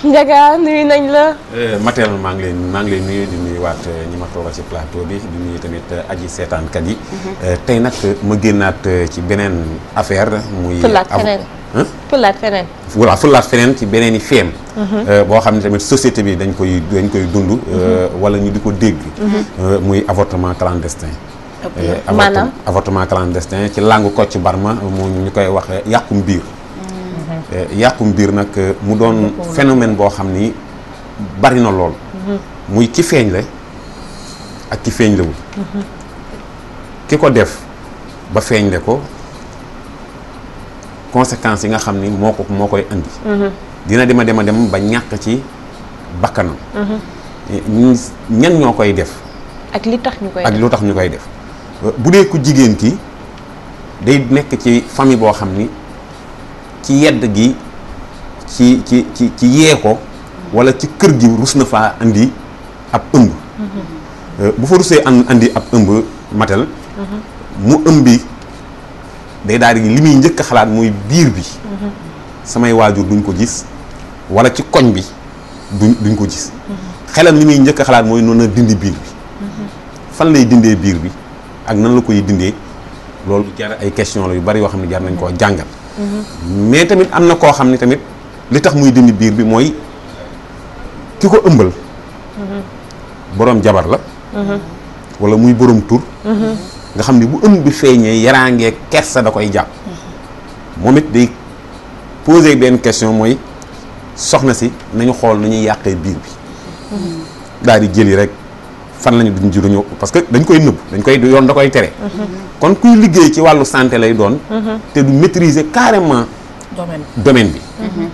Ndiaga nuyu nañ la. Euh, matériel maa ngi leen maa ngi leen nuyu di nuyuwaat euh, ñi ma toogal ci plateau bi di nuyu tamit euh, aji seetaankat yi. Mhm. tey nag ma génnaat ci beneen affaire. muy fulaat feneen fulaat feneen. feneen ci beneen i feem. Mhm. boo xam ne tamit société bi dañ koy dañ koy dund. Mhm. wala ñu di ko dégg. muy avortement clandestin. maanaam avortement clandestin ci langue Kocc Barma mu ñu koy wax yàqum biir. Eh, yàqum biir nag eh, mu doon phénomène boo xam ni bari na lool mhm. muy ki feeñ la ak ki feeñ lawul mhm. ki ko def ba feeñ le ko conséquences yi nga xam ni moo ko moo koy indi mhm. dina dema dema dem ba ñàkk ci bakkanam eh, ñan ñoo koy def ak ak lu tax ñu koy def bu dee ku jigéen ki day nekk ci famille boo xam ni ci yedd gi ci ci ci ci yee ko wala ci kër gi rus na faa indi ab ëmb mm-hmm. bu fa rusee an ab ëmb matel mm-hmm. mu ëmbi day daal di li muy njëkk xalaat mooy biir bi mm-hmm. samay waajur duñ ko gis walla ci koñ bi duñ duñ ko gis xelam li muy njëkk xalaat mooy noonu na dindi biir bi fan lay dindee biir bi ak nan la koy dindee loolu jar ay question la yu bari yoo xam ne jar nañ koo jàngal mais tamit am na koo xam ne tamit li tax muy dindi biir bi mooy ki ko ëmbal boroom jabar la walla muy boroom tur nga xam ne bu ëmb bi feeñee yaraangee kersa da koy jàpp moom it day poser benn question mooy soxna si nañu xool nañuy ñuy yàqee biir bi daal di jëli rek fan lañu duñu ji duñu parce que dañ koy neub dañ koy yoon da koy téré kon kuy liggéey ci walu santé lay doon mhm. té du maîtriser carrément domaine domaine bi mhm.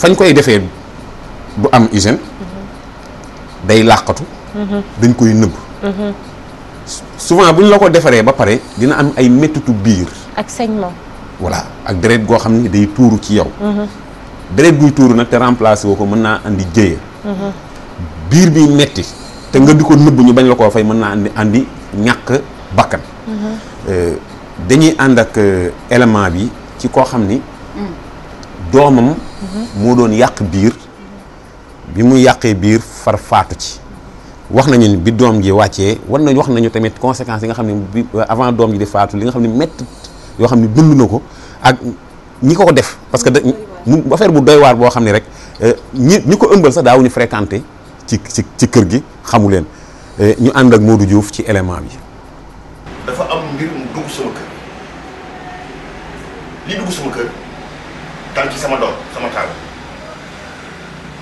fañ koy défé bu am hygiène mhm. day laqatu dañ koy neub souvent buñ la ko defaree ba paré dina am ay méttitu biir ak saignement voilà ak deret go xamni day tuuru ci yow deret guy tuuru nak té remplacer woko ko andi jéye biir bi metti te nga di ko nëbb ñu bañ la koo fay mën naa andi andi ñàkk bakkan mm-hmm. euh, dañuy ànd ak euh, élément bi ci koo xam ni mm. doomam mm-hmm. moo doon yàq biir bi mu yàqee biir far faatu ci wax nañu ni bi doom ji wàccee war nañu wax nañu tamit conséquence yi nga xam ne euh, avant doom ji di faatu li nga xam ne métti yoo xam ne dund na ko ak ñi ko ko def parce que da mu affaire bu doy waar boo xam ne rek ñi ñi ko ëmbal sax daawuñu fréquenté ci ci ci kër gi xamuleen ñu ànd ak Modou juuf ci élément yi dafa am mbir mu dugg sama kër li dugg sama kër dal ci sama doom sama taal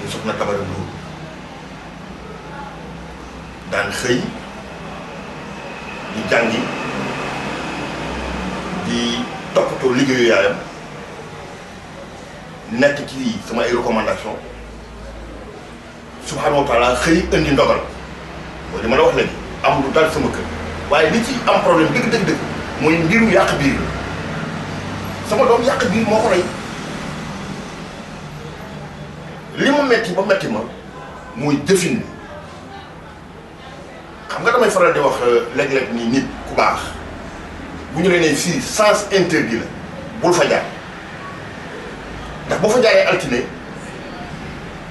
mu soxna Tabara Ndour daan xëy di jàngi di toppatoo liggéeyu yaayam nekk ci sama ay recommandation سبحان الله خي اندي ندوغال ولي ما لا واخ لا ام لو دال سما كير واي لي تي ام بروبليم ديك ديك ديك موي نديرو ياق بير سما دوم ياق بير موكو راي لي مو ميتي با ميتي ما موي ديفين خم غا داماي فرال دي واخ ليك ليك ني نيت كو باخ بو ني ريني سي سانس انترديل بول فا جاي داك بو فا جاي التيني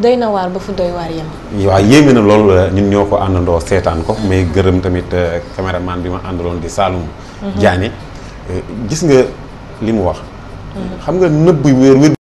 doy na waar ba fu doy waar yem. waaw yéeme na lool la eh, ñun ñoo ko àndandoo seetaan ko mais gërëm tamit eh, caméraman bi ma àndaloon di Saloum. Mhm. Diané eh, gis nga li mu wax. Mhm. xam nga nëbb wér wér